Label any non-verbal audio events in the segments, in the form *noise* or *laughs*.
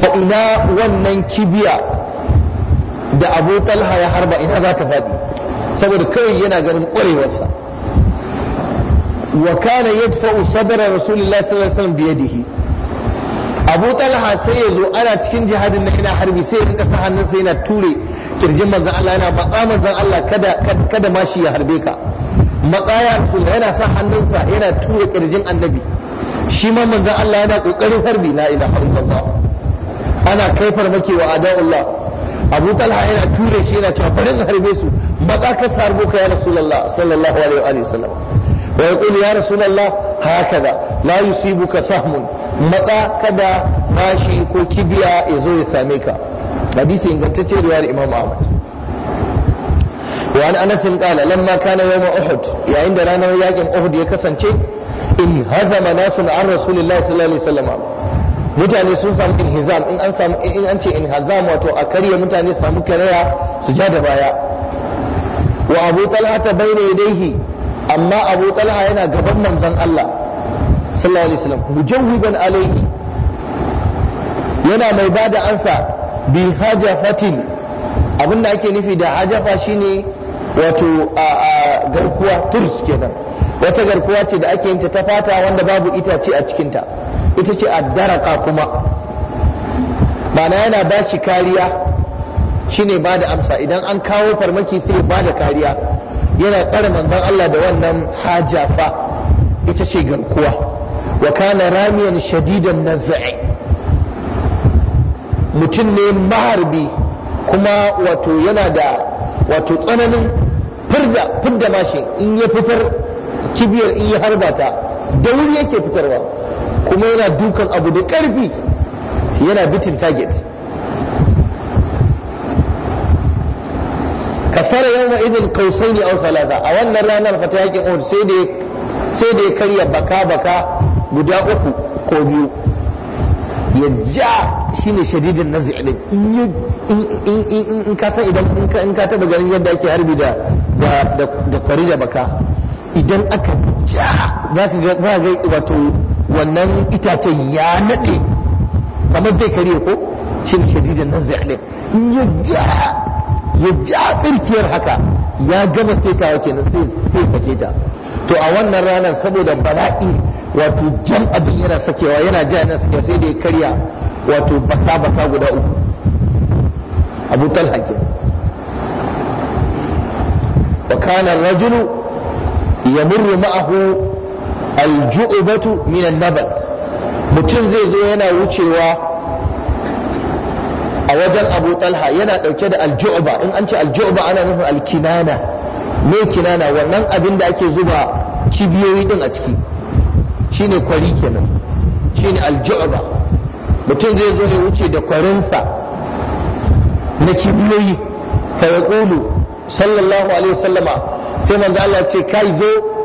fa ina wannan kibiya da abu talha ya harba ina za ta faɗi saboda kawai yana ganin ƙwarewarsa wa kana yadfa'u sadra rasulullahi sallallahu alaihi wasallam biyadihi abu talha sai ya zo ana cikin jihadin na ina harbi sai ya rinka sa hannunsa yana ture kirjin manzan Allah yana matsa manzan Allah kada kada ma shi ya harbe ka matsa ya yana sa hannunsa yana ture kirjin annabi shi ma manzan Allah yana kokarin harbi la ilaha illallah ana kai farmaki wa Allah. abu talha yana ture shi yana cewa bari na harbe su maza ka sarbo ka ya rasulullah sallallahu alaihi wa sallam wa yaqulu ya rasulullah hakaza la yusibuka sahmun maza kada mashi ko kibiya ya zo ya same ka hadisi ingantacce riwayar imam ahmad وعن انس قال لما كان يوم احد يا عند رانا ياكم احد يكسنتي ان هزم ناس عن رسول الله صلى الله عليه وسلم mutane sun samu inhizam in an samu in an ce inhizam wato a karya mutane samu karaya su ja da baya wa abu talha ta bayyana yadaihi amma abu talha yana gaban manzon Allah sallallahu alaihi wasallam mujawwiban alaihi yana mai bada ansa bi hajafatin abinda ake nufi da hajafa shine wato a garkuwa turs kenan wata garkuwa ce da ake yin ta ta fata wanda babu itace a cikinta ita ce addaraka kuma ma'ana yana ba shi kariya shine ba da amsa idan an kawo farmaki sai ba da kariya yana tsare manzon Allah da wannan haja fa ita ce garkuwa wa kana ramiyan shadidan nazai mutum ne maharbi kuma wato yana da wato tsananin firda firda mashi in ya fitar kibiyar in ya harba ta da wuri yake fitarwa kuma yana dukan abu da ƙarfi yana bitin target kasar yau ma idin kausai ne salata a wannan ranar fata yakin uhud sai da ya karya baka-baka guda uku ko biyu ya ja shine shadidin na din in ka san idan in ka taba ganin yadda ake harbi da da da baka idan aka ja za ka ga wato wannan itacen ya nade kamar zai kare ko shi ne nan zai in ya ja ya tsirkiyar haka ya gama sai ta wake nan sai sake ta to a wannan ranar saboda bala'i wato jan abin yana sakewa yana ja yana sakewa sai da ya karya wato baka baka guda uku abu talha ke wa kana rajulu ma'ahu alju'ubatu minan nabal mutum zai zo yana wucewa a wajen abu talha yana ɗauke da aljuba in an ce aljuba ana nufin alkinana me kinana wannan abin da ake zuba kibiyoyi din a ciki shine kwari kenan shine aljuba mutum zai zo ya wuce da kwarinsa na kibiyoyi fa yaqulu sallallahu alaihi wasallama sai manzo Allah ce kai zo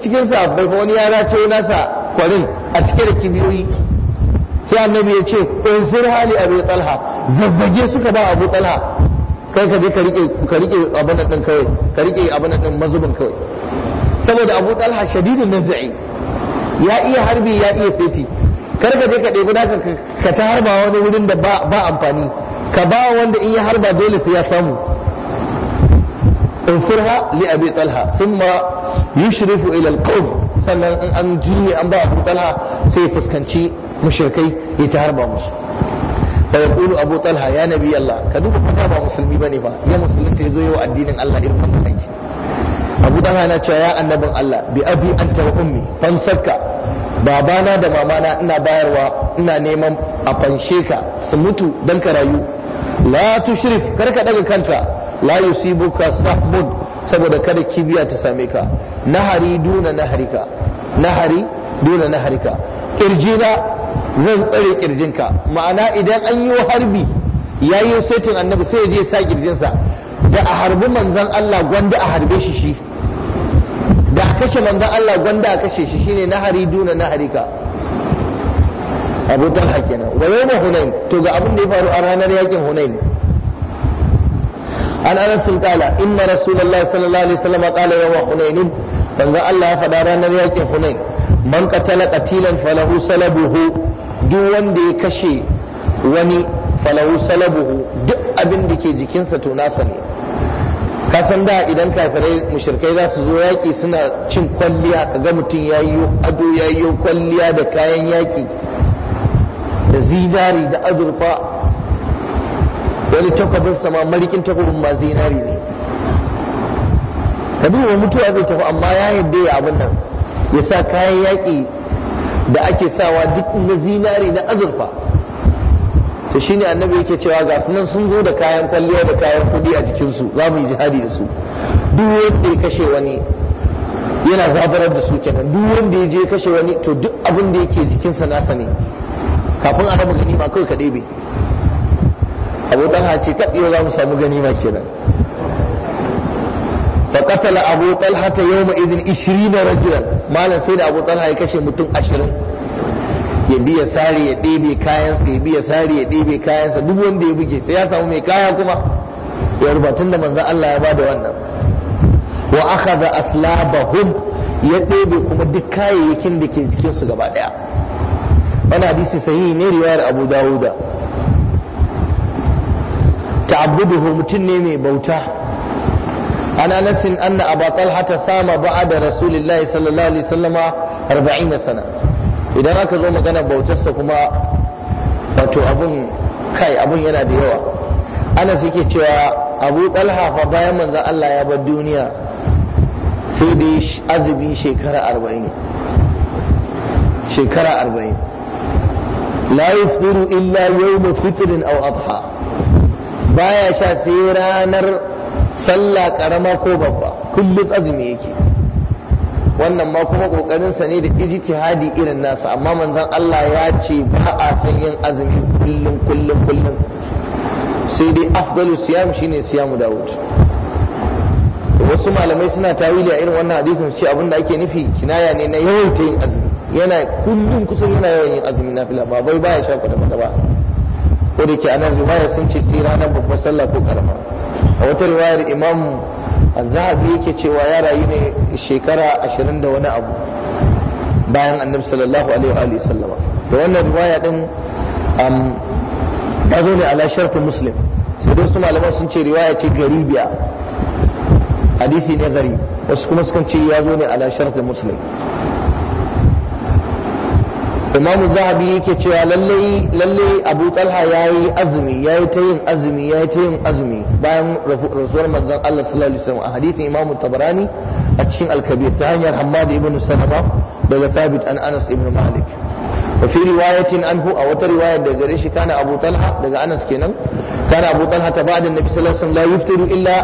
cikin bai bai wani ya rato nasa kwarin a cike da kibiyoyi sai annabi ya ce in unsur hali abu talha zazzage suka ba abu talha kai ka je ka rike ka rike ɗan nan din kawai ka rike abu nan din mazubin kawai saboda abu talha shadidun nazai ya iya harbi ya iya feti kar ka je ka ɗebi naka ka ta harba wani wurin da ba amfani ka ba wanda in ya harba dole sai ya samu انصرها لأبي طلحة ثم يشرف ilal القوم sannan an juye an ba abu talha sai fuskanci mushrikai ya ta harba musu da ya kulu abu talha ya nabi Allah ka duba fata ba musulmi bane ba ya musulunta ya zo yau addinin Allah irin wannan aiki abu talha na cewa ya annabin Allah bi abi anta wa ummi fansarka babana da mamana ina bayarwa ina neman a fanshe ka su mutu dan ka rayu latu shirif kar ka daga kanta. la yusibuka sahbun saboda kada kibiya ta same ka nahari duna naharika nahari duna naharika kirjina zan tsare kirjinka ma'ana idan an yi harbi ya yi setin annabi sai ya je sa kirjinsa da a harbi manzan Allah gwanda a harbe shi shi da a kashe manzan Allah gwanda a kashe shi shine nahari duna naharika abu talha kenan wa yawma hunain to ga abin da ya faru a ranar yakin hunain an anas qala inna rasulullahi sallallahu alaihi wasallam kala yawa hunain banza Allah ya faɗa ranar yakin hunain man qatala qatilan falahu salabuhu duk wanda ya kashe wani falahu salabuhu duk abin da ke jikinsa to nasa ne kasan da idan kafirai mushrikai za su zo yaƙi suna cin kwalliya kaga mutum ya yi ado ya yi kwalliya da kayan yaƙi da zinari da azurfa wani takwabin sama marikin takwabin ma zinari ne ka duba mutuwa zai tafi amma ya yadda ya abin nan ya sa kayan yaƙi da ake sawa duk na zinari na azurfa to shine annabi yake cewa ga nan sun zo da kayan kwalliya da kayan kuɗi a jikinsu za mu yi jihadi da su duk wanda ya kashe wani yana zabarar da su kenan duk wanda ya je kashe wani to duk abin da yake jikinsa nasa ne kafin a raba ma kawai ka ɗebe abu talha ce taɓewa za mu samu ganima kenan فقتل أبو طلحة يومئذ عشرين idin مالا سيد أبو طلحة يكشي متن عشرين ya biya sari ya ɗebe kayansa ya biya sari ya ɗebe kayansa duk wanda ya buge sai ya samu mai kaya kuma ya rubatun da manzan Allah ya ba da wannan wa akhadha aslabahum ya ɗebe kuma duk kayayyakin da ke jikinsu gaba ɗaya wani hadisi sahihi ne riwayar Abu Dawuda ya'buduhu mutum ne mai bauta an anas anna aba talha sama da rasulillahi sallallahu alaihi wasallama 40 sana idan aka zo magana bautarsa kuma wato abun kai abun yana da yawa anas yake cewa abu talha fa bayan manzon Allah ya bar duniya sai dai azumi shekara arba'in shekara 40 la yufdiru illa yawm fitrin aw adha baya sha sai ranar sallah karama ko babba kullum azumi yake wannan ma kuma kokarin ne da ijtihadi irin nasa amma manzon Allah ya ce ba a san yin azumi kullum kullum kullum sai dai afdalu siyam shine siyamu daud wasu malamai suna tawili a irin wannan hadisin ce abin da ake nufi kinaya ne na yawaita yin azumi yana kullum kusan yana yawan yin azumi na fila ba bai baya sha kwata kwata ba ko da ke anan riwaya sun ce sai ranar babbar sallah ko karama a wata riwayar imam zahabi yake cewa ya rayu ne shekara ashirin da wani abu bayan annabi sallallahu alaihi wa sallama da wannan riwaya din ya zo ne ala shartin muslim sai dai su malaman sun ce riwaya ce garibiya hadisi ne gari wasu kuma sukan ce ya zo ne ala shartin muslim imamu zahabi yake cewa lallai lallai abu talha ya yi azumi ya yi ta yin azumi ya yi ta yin azumi bayan rasuwar manzon allah sallallahu alaihi wasallam a hadithin imamu tabarani a cikin alkabir ta hanyar hammad ibn salama daga sabit an anas ibn malik wa fi riwayatin anhu a wata riwaya daga gare shi kana abu talha daga anas kenan kana abu talha ta ba'da annabi sallallahu alaihi wasallam la yuftiru illa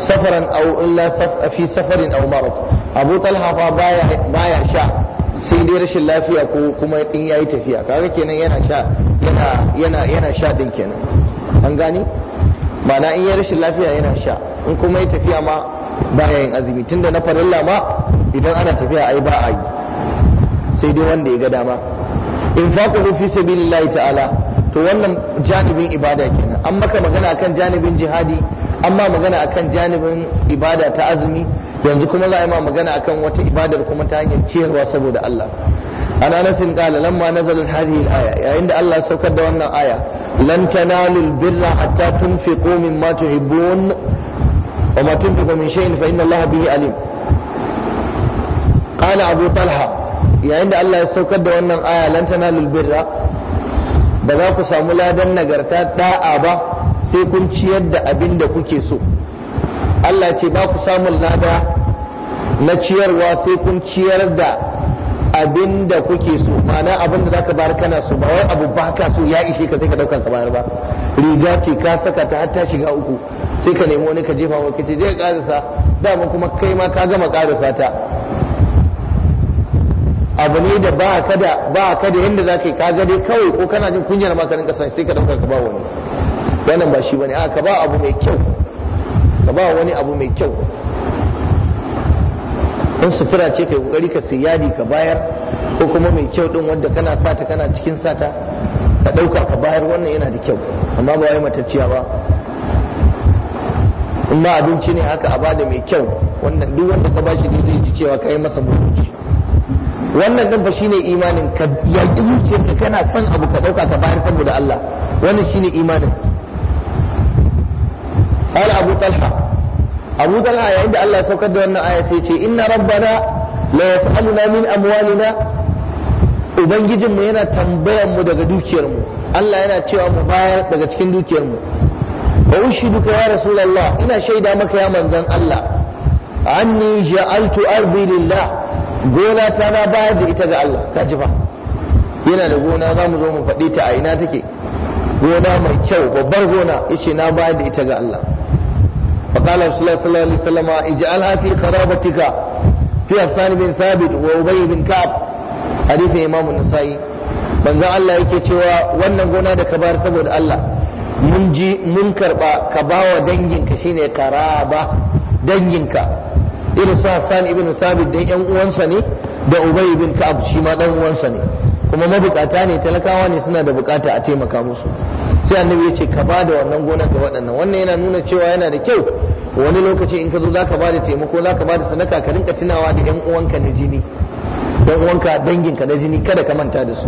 safaran aw illa saf fi safarin aw marad abu talha fa baya baya sha sai dai rashin lafiya ko kuma in ya yi tafiya kaga kenan yana sha yana yana yana sha din kenan an gani ma'ana in ya rashin lafiya yana sha in kuma ya tafiya ma baya yin azumi tunda na farilla ma idan ana tafiya ai ba a yi sai dai wanda ya ga dama in faqulu fi sabilillahi ta'ala to wannan janibin ibada kenan an maka magana akan janibin jihadi amma magana akan janibin ibada ta azumi yanzu kuma za a yi ma magana akan wata ibadar kuma ta hanyar ciyarwa saboda Allah ana nasin qala lamma nazalat hadhihi al-aya yayin da Allah saukar da wannan aya lan tanalul birra hatta tunfiqu mimma tuhibbun wa ma tunfiqu min shay'in fa inna Allah bihi alim qala abu talha yayin da Allah ya saukar da wannan aya lan tanalul birra ba za ku samu ladan nagarta da'a ba sai kun ciyar da abin da kuke so Allah ce ba ku samun lada na ciyarwa sai kun ciyar da abin da kuke so ma'ana abin da zaka bayar kana so ba wai abu ba ka so ya ishe ka sai ka dauka ka bayar ba riga ce ka saka ta har ta shiga uku sai ka nemi wani ka jefa wa kace je ka karasa dama kuma kai ma ka gama karasa ta abu ne da ba ka da ba ka da yanda zaka yi ka ga dai kawai ko kana jin kunyar ma ka rinka sai ka dauka ka ba wani wannan ba shi bane a ka ba abu mai kyau ka ba wani abu mai kyau in sutura ce kai kokari ka sai yadi ka bayar ko kuma mai kyau din wanda kana sata kana cikin sata ka dauka ka bayar wannan yana da kyau amma ba wai matacciya ba in ba abinci ne haka a bada mai kyau wannan duk wanda ka bashi ne zai ji cewa kai masa mutunci wannan din ba shine imanin ka yaƙi ka kana son abu ka dauka ka bayar saboda Allah wannan shine imanin قال أبو طلحة abu talha yayin da Allah saukar da wannan aya sai ce inna rabbana la yas'aluna min amwalina mu yana tambayar mu daga dukiyar mu. Allah yana cewa mu bayar daga cikin dukiyar mu wa ka ya rasulullah ina shaida maka ya manzon Allah anni ja'altu ardi lillah gona ta na bayar da ita ga Allah ka ji fa yana da gona za mu zo mu faɗi ta a ina take gona mai kyau babbar gona yace na bayar da ita ga Allah فقال رسول الله صلى الله عليه وسلم اجعلها في قرابتك في حسان بن ثابت وأبي بن كعب حديث إمام النسائي manzon Allah yake cewa wannan gona da ka bayar saboda Allah mun ji mun karba ka bawa danginka shine karaba danginka irin su Hassan ibn Sabit dan yan uwansa ne da ubay bin ka'ab shi ma dan uwansa ne kuma mabukata ne talakawa ne suna da bukata a taimaka musu sai annabi ya ce ka ba da wannan gonar ga waɗannan wannan yana nuna cewa yana da kyau wani lokaci in ka zo zaka ba da taimako zaka ba da sadaka ka rinka tunawa da yan uwanka na jini dan uwanka danginka na jini kada ka manta da su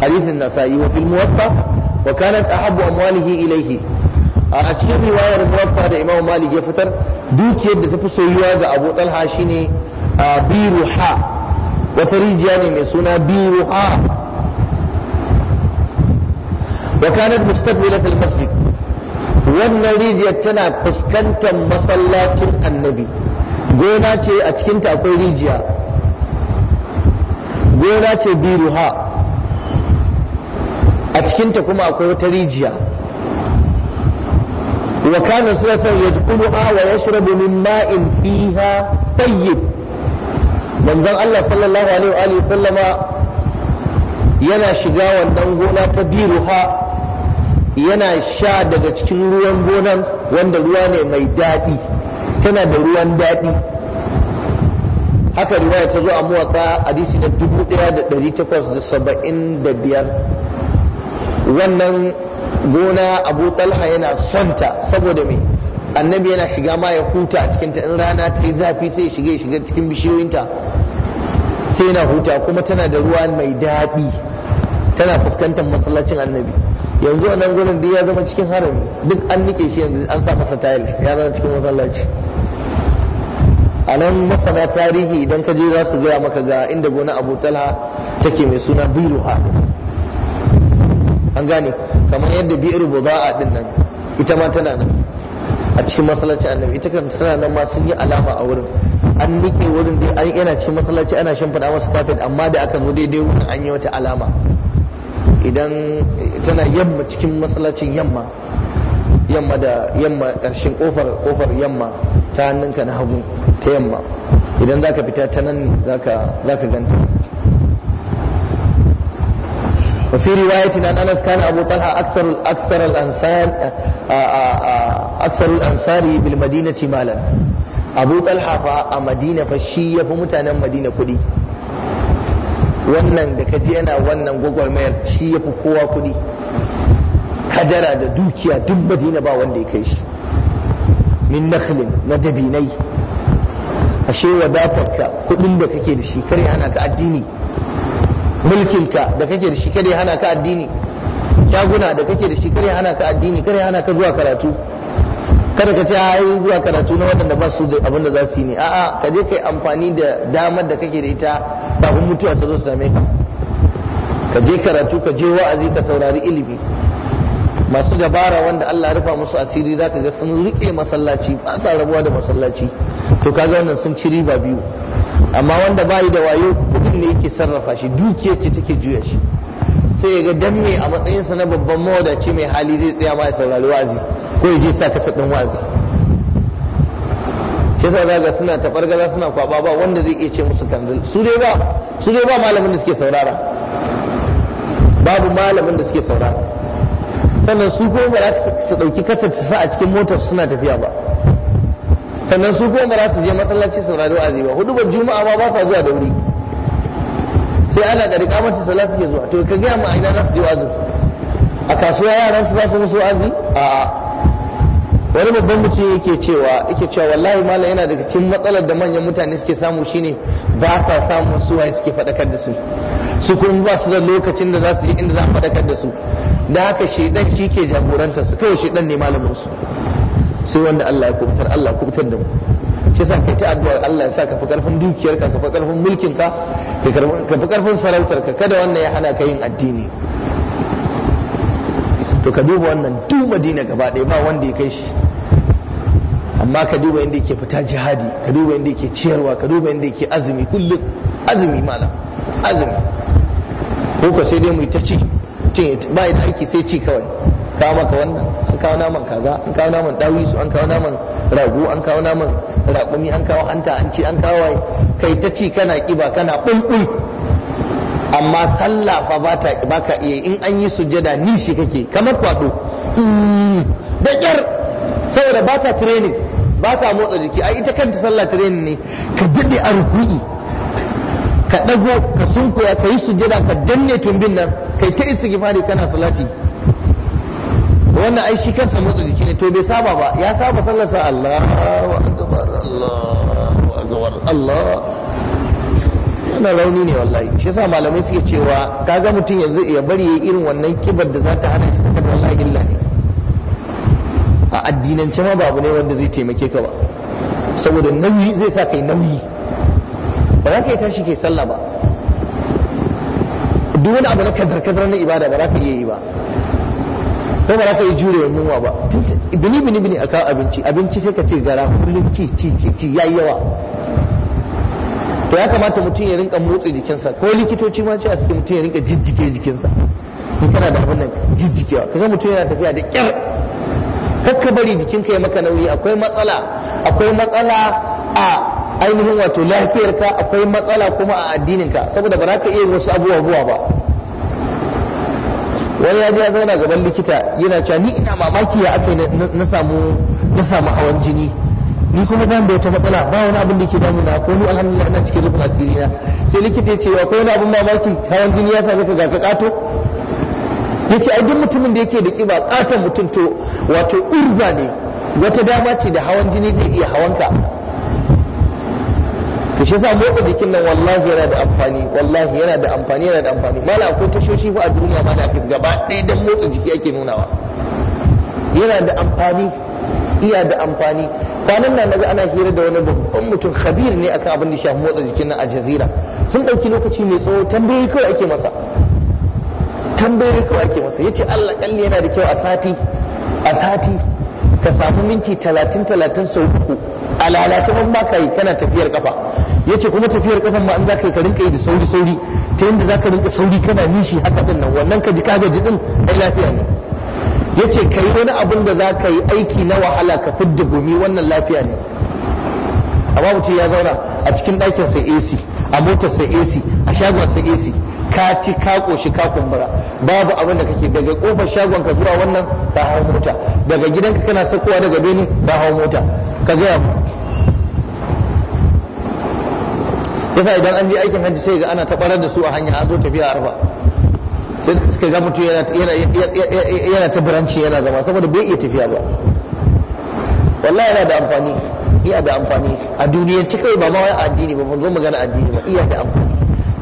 hadithin nasa'i wa fil muwatta wa kanat ahabbu amwalihi ilayhi a cikin riwayar muwatta da imamu malik ya fitar dukiyar da ta fi soyuwa ga abu talha shine biruha wata rijiya ne mai suna ha wa kanat mustaqbilat al-masjid wannan rijiyar tana fuskantar masallacin annabi gona ce a cikinta akwai rijiya gona ce biyu ha a cikinta kuma akwai wata rijiya wa kana sallallahu alaihi wa yashrabu min ma'in fiha tayyib manzon Allah sallallahu alaihi wa sallama yana shiga wannan gona ta biruha yana sha daga cikin ruwan gonan wanda ruwa ne mai daɗi tana da ruwan daɗi haka riwaya ta zo a muwatsa hadisi da ɗari biyar wannan gona abu talha yana sonta saboda mai. annabi yana shiga ma ya huta a cikinta in rana ta yi zafi sai ya shiga shiga cikin bishiyoyinta sai yana huta kuma tana da ruwa mai daɗi tana fuskantar masallacin annabi yanzu a nan gurin ya zama cikin harami duk an nike shi yanzu an sa masa tiles ya zama cikin masallaci a nan masana tarihi idan ka je za su gaya maka ga inda gona abu talha take mai suna ha an gane kamar yadda bi'ir buza'a din nan ita ma tana nan a cikin masallacin annabi ita kan tana nan ma sun yi alama a wurin an nike wurin dai an yana cikin masallaci ana shimfiɗa masa kafet amma da aka zo daidai wurin an yi wata alama idan tana yamma cikin masallacin yamma yamma da yamma ƙarshen ƙofar ƙofar yamma ta hannunka na hagu ta yamma idan zaka fita ta nan ne zaka zaka ganta وفي رواية أن أنس كان أبو طلحة أكثر أكثر الأنصار أكثر الأنصار بالمدينة مالا أبو طلحة فمدينة فشية فمتانا مدينة كدي wannan da kaji yana wannan gwagwarmayar shi ya fi kowa kuɗi kadara da dukiya duk madina ba wanda ya kai shi min nakhlin na dabinai ashe wadatarka kuɗin da kake da shi kare ana ka addini mulkinka da kake da shi kare hana ka addini shaguna da kake da shi kare hana ka addini kare hana ka zuwa karatu kada ka ce yi zuwa karatu na waɗanda ba su da abin da za su yi ne a'a ka je kai amfani da damar da kake da ita kun mutuwa ta zo su same ka ka je karatu ka je wa'azi ka saurari ilimi masu dabara wanda Allah ya rufa musu asiri za ka ga sun rike masallaci ba sa rabuwa da masallaci to kaga wannan sun ci riba biyu amma wanda bayi da wayo kudin ne yake sarrafa shi duke ce take juya shi sai ya ga dan mai a matsayinsa na babban mawadaci mai hali zai tsaya ma ya saurari wa'azi ko ya je sa kasa din wa'azi shi yasa zaga suna tabargaza suna kwaba ba wanda zai iya ce musu kanzil su dai ba su dai ba malamin da suke saurara babu malamin da suke saurara sannan su kuma ba za su dauki kasar su sa a cikin motar suna tafiya ba sannan su kuma ba su je masallaci rado a ba hudu ba juma'a ba ba sa zuwa da wuri sai ana da rikamata sallah suke zuwa to ka gaya ma ina za su je wazi a kasuwa yaran su za su musu wazi a wani babban mutum yake cewa yake cewa wallahi malam yana daga cikin matsalar da manyan mutane suke samu shine ba sa samun su suke fadakar da su su kuma ba su da lokacin da za su yi inda za a fadakar da su da haka shedan shi ke jagorantar su kawai shedan ne malamin su sai wanda Allah ya kubutar Allah kubutar da mu shi yasa kai ta addu'a Allah ya sa ka fi karfin dukiyar ka ka fi karfin mulkin ka ka fi karfin sarautar ka kada wannan ya hana ka yin addini to ka duba wannan duk Madina gaba ɗaya ba wanda ya kai shi amma ka duba inda yake fita jihadi ka duba inda yake ciyarwa ka duba inda yake azumi kullum azumi mana azumi ko ka sai dai mu ta ci ba da aiki sai ci kawai kawo maka wannan an kawo naman kaza an kawo naman dawisu an kawo naman ragu, an kawo naman raƙumi an kawo hanta, an ci, an kawo kai ta ci kana kiba kana bulbul amma sallah fa ba ta ba ka iya in an yi sujjada ni shi kake kamar kwado mm, da kyar saboda ba ka training ba ka motsa jiki ai ita kanta sallah training ne ka dade a ruku'i ka dago ka sunkuya ka yi sujjada ka danne tumbin nan kai ta istighfari kana salati wannan ai shi kansa motsa jiki ne to bai saba ba ya saba sallarsa wa akbar wa akbar Allah wannan rauni ne wallahi shi yasa malamai suke cewa kaga mutum yanzu ya bari yayi irin wannan kibar da za ta hana shi sakar wallahi illa ne a addinan ma babu ne wanda zai taimake ka ba saboda nauyi zai sa kai nauyi ba za ka yi tashi kai sallah ba duk wani abu na kazar-kazar na ibada ba za ka iya yi ba ko ba ka yi jure yunwa ba bini bini bini a kawo abinci abinci sai ka ce gara kullum ci ci ci ci yayi yawa to ya kamata mutum ya rinka motsa jikinsa ko likitoci ma ce a suke mutum ya rinka jijjike jikinsa in kana da abin nan jijjikewa kaga mutum yana tafiya da kyar kakka bari jikinka ya maka nauyi akwai matsala akwai matsala a ainihin wato lafiyarka akwai matsala kuma a addininka saboda ba za ka iya wasu abubuwa ba wani ya je ya zauna gaban likita yana cewa ni ina mamaki ya aka na samu na samu hawan jini ni kuma ban da wata matsala ba wani abin da ke damuna ko ni alhamdulillah ina cikin rufin asiri na sai likita ya ce ko wani abin mamaki hawan jini ya same ka ga ka kato yace ai duk mutumin da yake da kiba katon mutum to wato urba ne wata dama ce da hawan jini zai iya hawanka to shi yasa motsa jikin nan wallahi yana da amfani wallahi yana da amfani yana da amfani mala akwai tashoshi fa a duniya ma da kis gaba ɗaya dan motsa jiki ake nunawa yana da amfani iya da amfani kwanan nan naga ana hira da wani babban mutum khabir ne akan abin da ya shafi motsa jikin nan a jazira sun ɗauki lokaci mai tsawo tambayoyi kawai ake masa tambayoyi kawai ake masa yace Allah kalli yana da kyau a sati a sati ka samu minti talatin talatin sau uku a lalace ban ba ka yi kana tafiyar kafa yace kuma tafiyar kafan ma an za ka rinka yi da sauri sauri ta yadda za ka rinka sauri kana nishi haka din nan wannan ka ji ka gaji din ai lafiya ne yace ka yi wani abin da za ka yi aiki na wahala ka da gumi wannan lafiya ne amma mutum ya zauna a cikin ɗakin sai AC a motar sai AC a shagon sai AC ka ci ka koshi ka kumbura babu abin da kake daga kofar shagon ka zuwa wannan ba hau mota daga gidanka kana sakowa daga bene ba hau mota ka gaya mu yasa idan an je aikin hajji sai ga ana tabarar da su a hanya azo zo tafiya arfa sai suka ga mutum yana ta buranci yana zama saboda bai iya tafiya ba wallahi yana da amfani iya da amfani a duniyar ci kai ba ma wai addini ba mun zo magana addini ba iya da amfani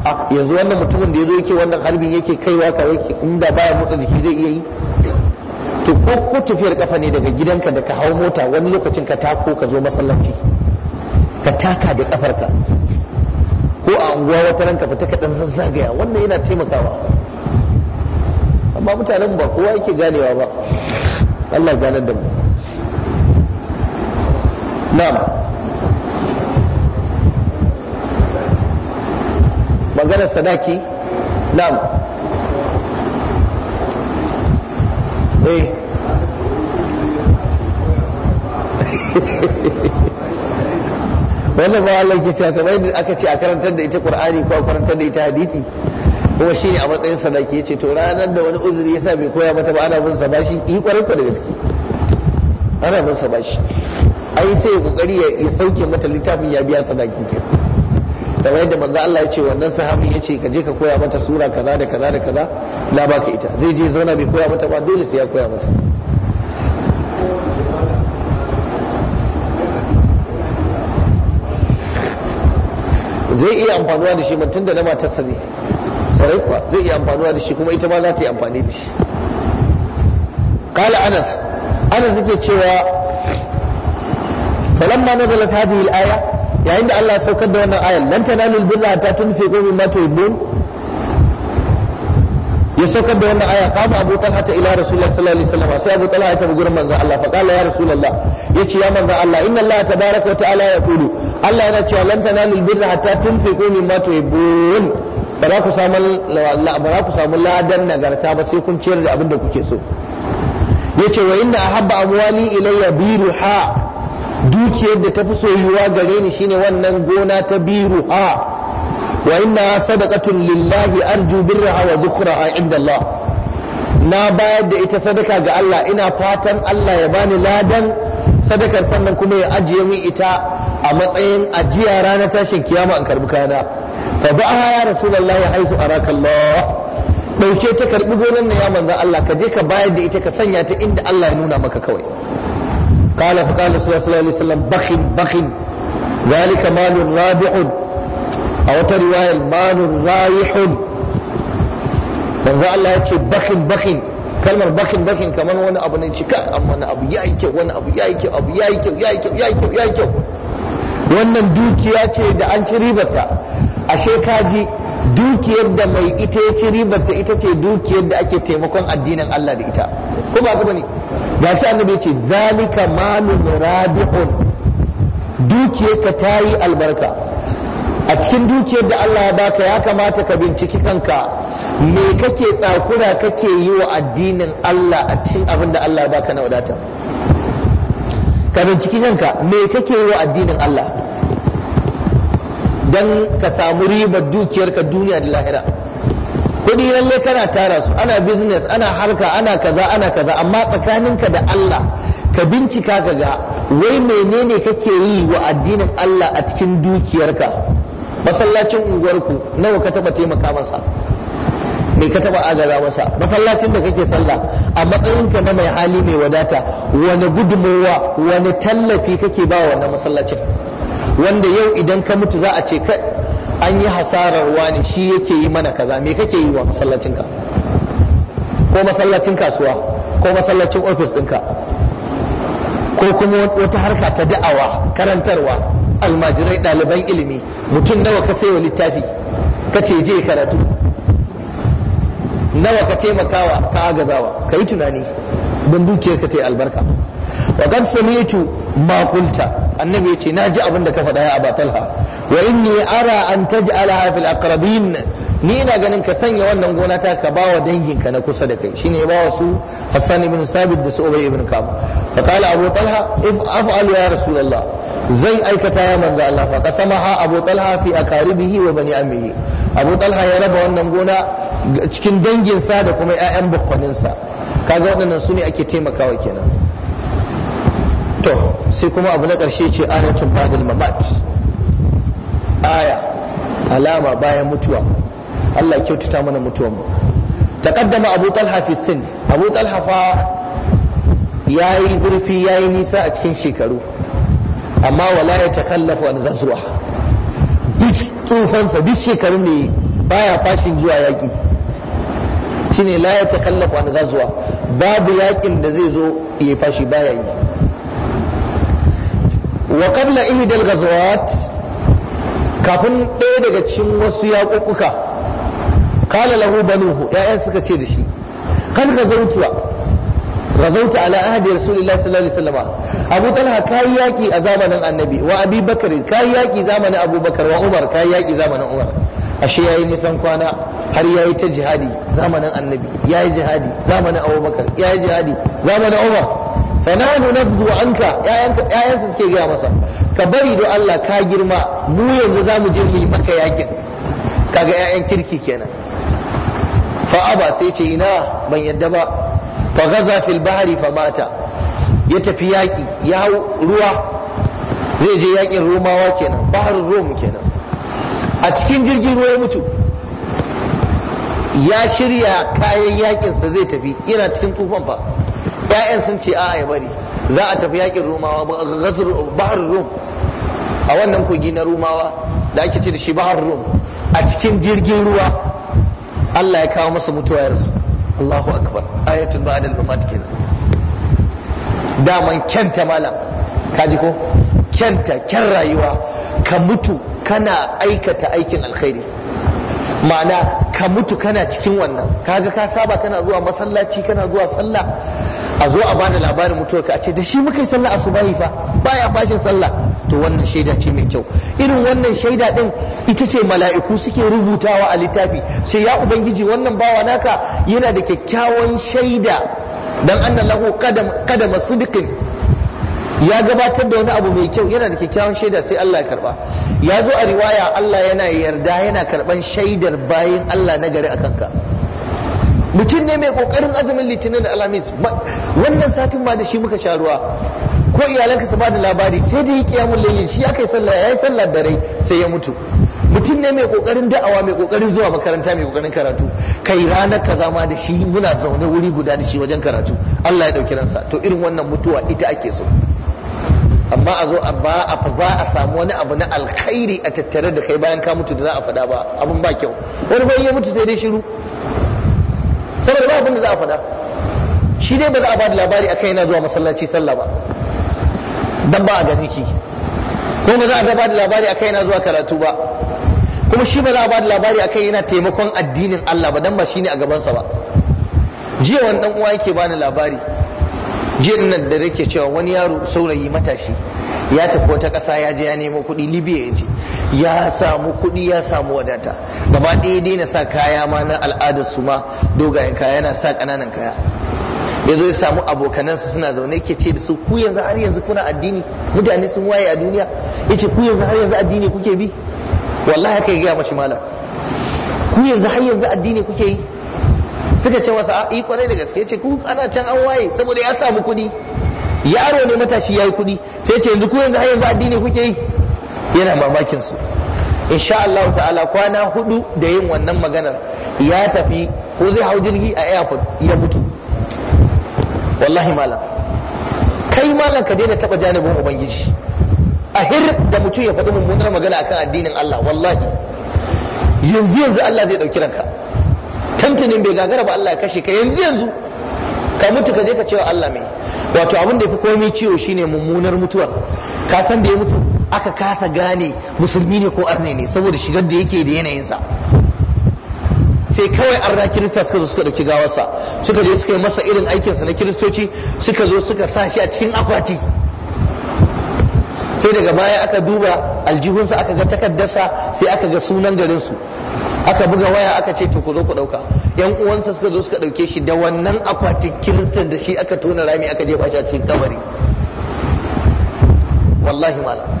a yanzu wannan mutumin da ya zo yake wannan harbin yake kaiwa ka yake inda baya motsa jiki zai iya yi to ko ko tafiyar kafa ne daga gidanka da ka hau mota wani lokacin ka tako ka zo masallaci ka taka da kafarka unguwa wata ranka fita kaɗan dan zazzagaya wannan yana taimakawa amma mutanen ba kowa yake ganewa ba Allah ganar da mu na'am maganar sadaki na'am eh *laughs* wannan ba Allah ke cewa kamar yadda aka ce a karantar da ita Qur'ani ko a karantar da ita hadisi kuma shi ne a matsayin sadaki ya ce to ranar da wani uzuri ya sa bai koya mata ba ana bin sa bashi yi kwarai da gaske ana bin sa bashi ai sai ya kokari ya sauke mata littafin ya biya sadakin ke kamar yadda manzo Allah ya ce wannan sahabi ya ce ka je ka koya mata sura kaza da kaza da kaza la baka ita zai je zauna bai koya mata ba dole sai ya koya mata zai iya amfanuwa da shi mutum da na matarsa ne ƙwarai kuwa zai iya amfanuwa da shi kuma ita ma za ta yi amfani da shi kala anas anas yake cewa falamma nazalat hadhihi al-aya yayin da Allah ya saukar da wannan ayar lantana tanalul birra hatta tunfiqu mimma tuhibbun ya saukar da wannan aya kama abu talha ila rasulullah sallallahu alaihi wasallam sai abu talha ya tafi gurin Allah fa qala ya rasulullah yace ya manzon Allah inna Allah tabaraka wa ta'ala yaqulu Allah yana cewa lan tanalul birra hatta tunfiqu mimma tuhibbun ba za ku samu ba za ku samu ladan nagarta ba sai kun ciyar da abin da kuke so yace wa inna ahabba amwali ilayya biruha dukiyar da tafi soyuwa gare ni shine wannan gona ta biruha wa inna sadaqatun lillahi arju birraha wa dhukraha inda Allah na bayar da ita sadaka ga Allah ina fatan Allah ya bani ladan sadakar sannan kuma ya ajiye min ita a matsayin ajiya ranar tashin kiyama an karbi kayana fa da'aha ya rasulullahi haisu araka Allah ta karbi gonar na ya manzo Allah ka je ka bayar da ita ka sanya ta inda Allah ya nuna maka kawai qala fa qala sallallahu alaihi wasallam bakhin bakhin zalika malun rabi'un a wata riwayar malun rayihun manzo Allah ya ce bakin bakin kalmar bakin bakin kamar wani abu ne cika amma wani abu ya yi kyau wani abu ya yi kyau abu ya yi kyau ya yi kyau ya yi kyau ya yi kyau wannan dukiya ce da an ci ribarta ashe ka ji dukiyar da mai ita ya ci ribarta ita ce dukiyar da ake taimakon addinin Allah da ita ko ba kuma ne ga shi annabi ya ce zalika malun rabihun dukiyar ka tayi albarka a cikin dukiyar da Allah ya baka ya kamata ka binciki kanka me kake tsakura kake yi wa addinin Allah a cikin abin da Allah ya baka na wadata ka binciki kanka me kake yi wa addinin Allah dan ka samu ribar dukiyarka duniya da lahira kudi lalle kana tara su ana business ana harka ana kaza ana kaza amma tsakaninka da Allah ka bincika ka ga wai menene kake yi wa addinin Allah a cikin dukiyarka masallacin unguwarku nawa ka taba taimaka masa me ka taba agaza masa masallacin da kake sallah a matsayinka na mai hali mai wadata wani gudunmowa wani tallafi kake ba wannan masallacin wanda yau idan ka mutu za a ce ka, an yi hasarar wani shi yake yi mana kaza me kake yi wa masallacinka ko masallacin kasuwa ko masallacin ofis ɗinka ko kuma wata harka ta da'awa karantarwa almajirai ɗaliban ilimi mutum nawa ka saiwa littafi ka ce je karatu nawa ka taimakawa ka agazawa ka yi tunani don dukiyar ka ta yi albarka wa qad sami'tu ma qulta annabi yace ji abin da ka faɗa ya abatalha wa inni ara an taj'alaha fil aqrabin ni ina ganin ka sanya wannan gona ta ka bawa danginka na kusa da kai shine ya bawa su Hassan ibn Sabit da su Ubay ibn kab fa qala Abu Talha if af'al ya Rasulullah zai aikata ya manzo Allah fa qasamaha Abu Talha fi aqaribihi wa bani amihi Abu Talha ya raba wannan gona cikin dangin sa da kuma ƴaƴan sa kaga waɗannan su ne ake taimakawa kenan to sai kuma abu na karshe ce ayatul ba'dal mamat aya alama bayan mutuwa Allah kyautata mana mutuwan mu taqaddama Abu Talha fi sin Abu Talha fa yayi zurfi yayi nisa a cikin shekaru amma wala ya takallafu an ghazwa duk tsufansa duk shekarun ne baya fashin zuwa yaki shine la ya takallafu an ghazwa babu yakin da zai zo ya fashi baya yi wa qabla ihdal ghazawat kafin ɗaya daga cikin wasu yaƙuƙuka kala lahu banuhu ya'yan suka ce da shi kan ka zautuwa razauta ala ahdi rasulillahi sallallahu alaihi wasallam abu talha kai yaki a zamanin annabi wa abi bakar zamanin abubakar wa umar kai yaki zamanin umar ashe yayi nisan kwana har yayi ta jihadi zamanin annabi yayi jihadi zamanin abubakar yayi jihadi zamanin umar fa nahnu nafzu anka yayanka suke gaya masa ka bari don Allah ka girma mu yanzu zamu je mu yi maka kaga yayan kirki kenan fa aba sai ce ina ban yadda ba fa gaza fil bahri fa mata ya tafi yaki ya hau ruwa zai je yakin romawa kenan baharin rom kenan a cikin jirgin ruwa ya mutu ya shirya kayan yakinsa zai tafi yana cikin tufan fa ƴaƴan sun ce a'a ya bari za a tafi yakin romawa bahar rom a wannan kogi na romawa da ake ce da shi bahar rom a cikin jirgin ruwa Allah ya kawo masa mutuwa ya rasu Allahu akbar ayatul ba'dal mafat kenan daman kyanta malam kaji ko kyanta kyan rayuwa ka mutu kana aikata aikin alkhairi ma'ana ka mutu kana cikin wannan kaga ka saba kana zuwa masallaci kana zuwa sallah a zo a bada labarin mutuwar ka a ce da shi muka yi sallah asubahi fa baya bashin sallah to wannan shaida ce mai kyau irin wannan shaida din ita ce mala'iku suke rubutawa a littafi sai ya ubangiji wannan bawa naka yana da kyakkyawan shaida dan anna lahu qadam qadama ya gabatar da wani abu mai kyau yana da kyakkyawan shaida sai Allah ya karba ya zo a riwaya Allah yana yarda yana karban shaidar bayan Allah na gari a kanka mutum ne mai kokarin azumin litinin da alhamis wannan satin ba da shi muka sha ruwa ko iyalanka su ba da labari sai da yi kiyamun layi shi aka yi sallah ya yi sallah dare sai ya mutu mutum ne mai kokarin da'awa mai kokarin zuwa makaranta mai kokarin karatu kai ranar kaza ma da shi muna zaune wuri guda da shi wajen karatu Allah ya ɗauki ransa to irin wannan mutuwa ita ake so amma a zo ba a ba a samu wani abu na alkhairi a tattare da kai bayan ka mutu da za a faɗa ba abun ba kyau wani bai ya mutu sai dai shiru saboda ba abin da za a faɗa shi dai ba za a ba da labari akai yana zuwa masallaci sallah ba dan ba a gani ki ko ba za a ba da labari akai yana zuwa karatu ba kuma shi ba za a ba da labari akai yana taimakon addinin Allah ba dan ba shine a gabansa ba jiya wani dan uwa yake bani labari jin nan da rake cewa wani yaro saurayi matashi ya tafi wata ƙasa ya je ya nemo kuɗi libya ya ce ya samu kuɗi ya samu wadata gaba ɗaya na sa kaya ma na al'adar su ma dogayen kaya yana sa ƙananan kaya ya zo ya samu abokanansa suna zaune ke ce da su ku yanzu har yanzu kuna addini mutane sun waye a duniya ya ce ku yanzu har yanzu addini kuke bi wallahi haka ya gaya mashi malam ku yanzu har yanzu addini kuke yi suka ce wasu yi kwarai da gaske ce ku ana can an waye saboda ya samu kuɗi yaro ne matashi ya yi kuɗi sai ce yanzu ku yanzu har yanzu addini kuke yi yana mamakin su insha Allah ta'ala kwana hudu da yin wannan maganar ya tafi ko zai hau jirgi a airport ya mutu wallahi malam kai malam ka daina taba janibin ubangiji a hir da mutum ya faɗi mummunar magana akan addinin Allah wallahi yanzu yanzu Allah zai ɗauki ranka tantanin bai gagara ba Allah ya kashe ka yanzu yanzu ka mutu ka je ka cewa Allah mai wato abin da ya fi komai ciwo shine mummunar mutuwar ka san da ya mutu aka kasa gane musulmi ne ko arne ne saboda shigar da yake da yanayin sa sai kawai arna kirista suka zo suka dauki gawarsa suka je suka yi masa irin aikinsa na kiristoci suka zo suka sa shi a cikin akwati sai daga baya aka duba aljihunsa aka ga takardarsa sai aka ga sunan garinsu aka buga waya aka ce to ku zo ku dauka yan uwansa suka zo suka dauke shi da wannan akwatin kiristan da shi aka tona rami aka jefa shi a cikin kabari wallahi malam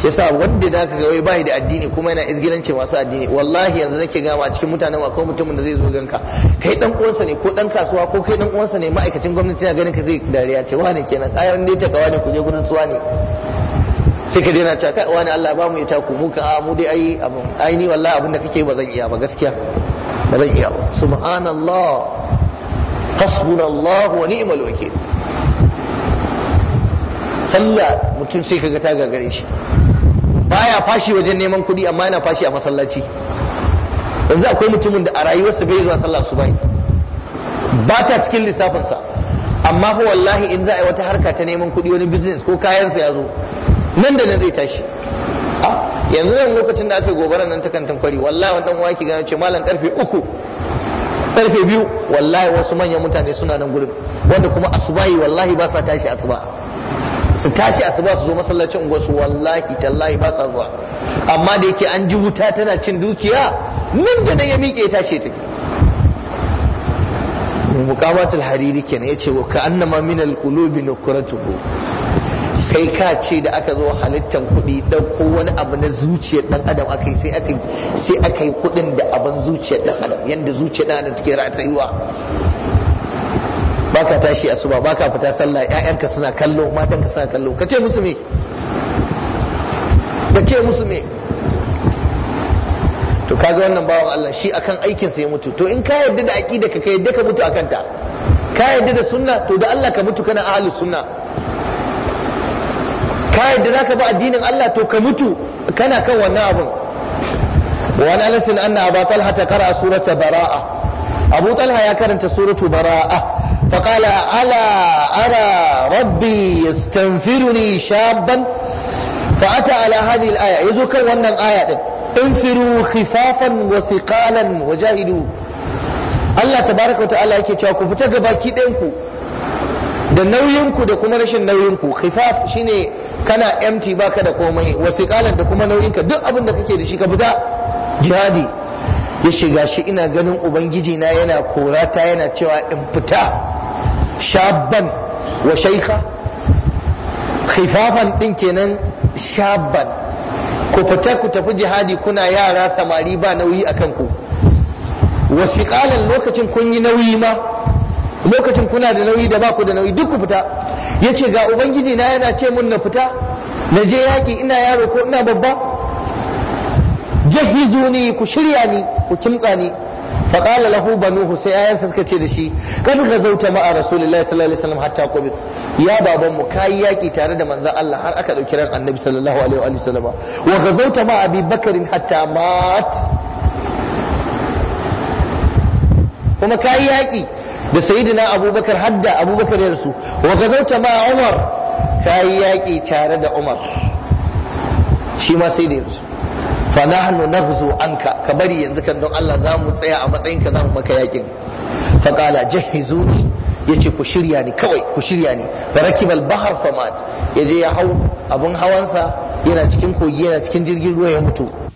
shi yasa wanda da ka ga wai bai da addini kuma yana izgilanci masu addini wallahi yanzu nake gama a cikin mutanen akwai mutumin da zai zo ganka kai dan uwansa ne ko dan kasuwa ko kai dan uwansa ne ma'aikacin gwamnati yana ganin ka zai dariya ce wani kenan ayan ne ta kawa ne kuje gurin tsuwa ne sai ka daina ta kai wani Allah ba mu ita ku mu ka mu dai ai abun ai ni wallahi abin da kake ba zan iya ba gaskiya ba zan iya ba subhanallah hasbunallahu wa ni'mal wakeel sallah mutum sai kaga ta gagare shi baya fashi wajen neman kuɗi amma yana fashi a masallaci yanzu akwai mutumin da a rayuwarsa bai zuwa sallah su bai ba ta cikin lissafinsa amma fa wallahi in za a yi wata harka ta neman kuɗi wani business ko kayansa ya zo nan da nan zai tashi ah, yanzu nan lokacin da aka yi gobara nan ta kantan kwari wallahi wannan waki gane ce malam karfe uku karfe biyu wallahi wasu manyan mutane suna nan gurin wanda kuma asubahi wallahi ba sa tashi asuba su tashi asuba su zo masallacin unguwar su wallahi tallahi ba sa zuwa amma da yake an ji wuta tana cin dukiya nan da ya miƙe ya tashi ta muqamatul hariri kenan yace wa ka annama min kura nukratuhu kai ka ce da aka zo halittar kuɗi ko wani abu na zuciyar ɗan adam aka yi sai aka yi kuɗin da abin zuciyar ɗan adam yadda zuciyar ɗan adam take ra'ayuwa baka tashi asuba baka fita sallah ƴaƴanka suna kallo matanka suna kallo ka ce musu me ka ce musu me to kaga wannan bawan Allah shi akan aikin sa ya mutu to in ka yarda da aqida ka ka yarda ka mutu akan ta ka yarda da sunna to da Allah ka mutu kana ahlus sunna ka yarda zaka bi addinin Allah to ka mutu kana kan wannan abun wa an anas anna aba talha ta qara surata baraa abu talha ya karanta suratu baraa فقال ألا أرى ربي يستنفرني شابا فأتى على هذه الآية يذكر وأن الآية انفروا خفافا وثقالا وجاهدوا Allah tabaraka wa ta'ala yake cewa ku fita ga baki ɗayanku da nauyinku da kuma rashin nauyinku khifaf shine kana empty baka da komai wasiƙalan da kuma nauyinka duk abin da kake da shi ka fita jihadi ya shiga shi ina ganin ubangiji na yana korata yana cewa in fita shabban wa shaikha khifafan ɗin kenan shabban ku fita ku tafi jihadi kuna yara samari ba nauyi a kanku wasiƙalan lokacin kun yi nauyi ma lokacin kuna da nauyi da baku da nauyi duk ku fita ya ce ga ubangiji na yana ce mun na fita na je yaki ina yaro ko ina babba jahizuni ku shirya ni ku kimtsa ni fa qala lahu banuhu sai ayansa suka ce da shi kad gazauta ma'a rasulillahi sallallahu alaihi wasallam hatta qubit ya baban mu kai tare da manzon Allah har aka dauki ran annabi sallallahu alaihi wa sallam wa gazauta ma'a abi bakarin hatta mat kuma kai yaki da sayyidina abubakar hadda abubakar ya rasu wa zauta ma umar yi yaki tare da umar shi ma sai da ya rasu fa nahnu naghzu anka ka bari yanzu kan Allah za mu tsaya a matsayin ka za mu maka yaƙin. fa jahizu jahizuni yace ku shirya ni kawai ku shirya ni fa rakibal bahar famat je ya hau abun hawansa yana cikin kogi yana cikin jirgin ruwa ya mutu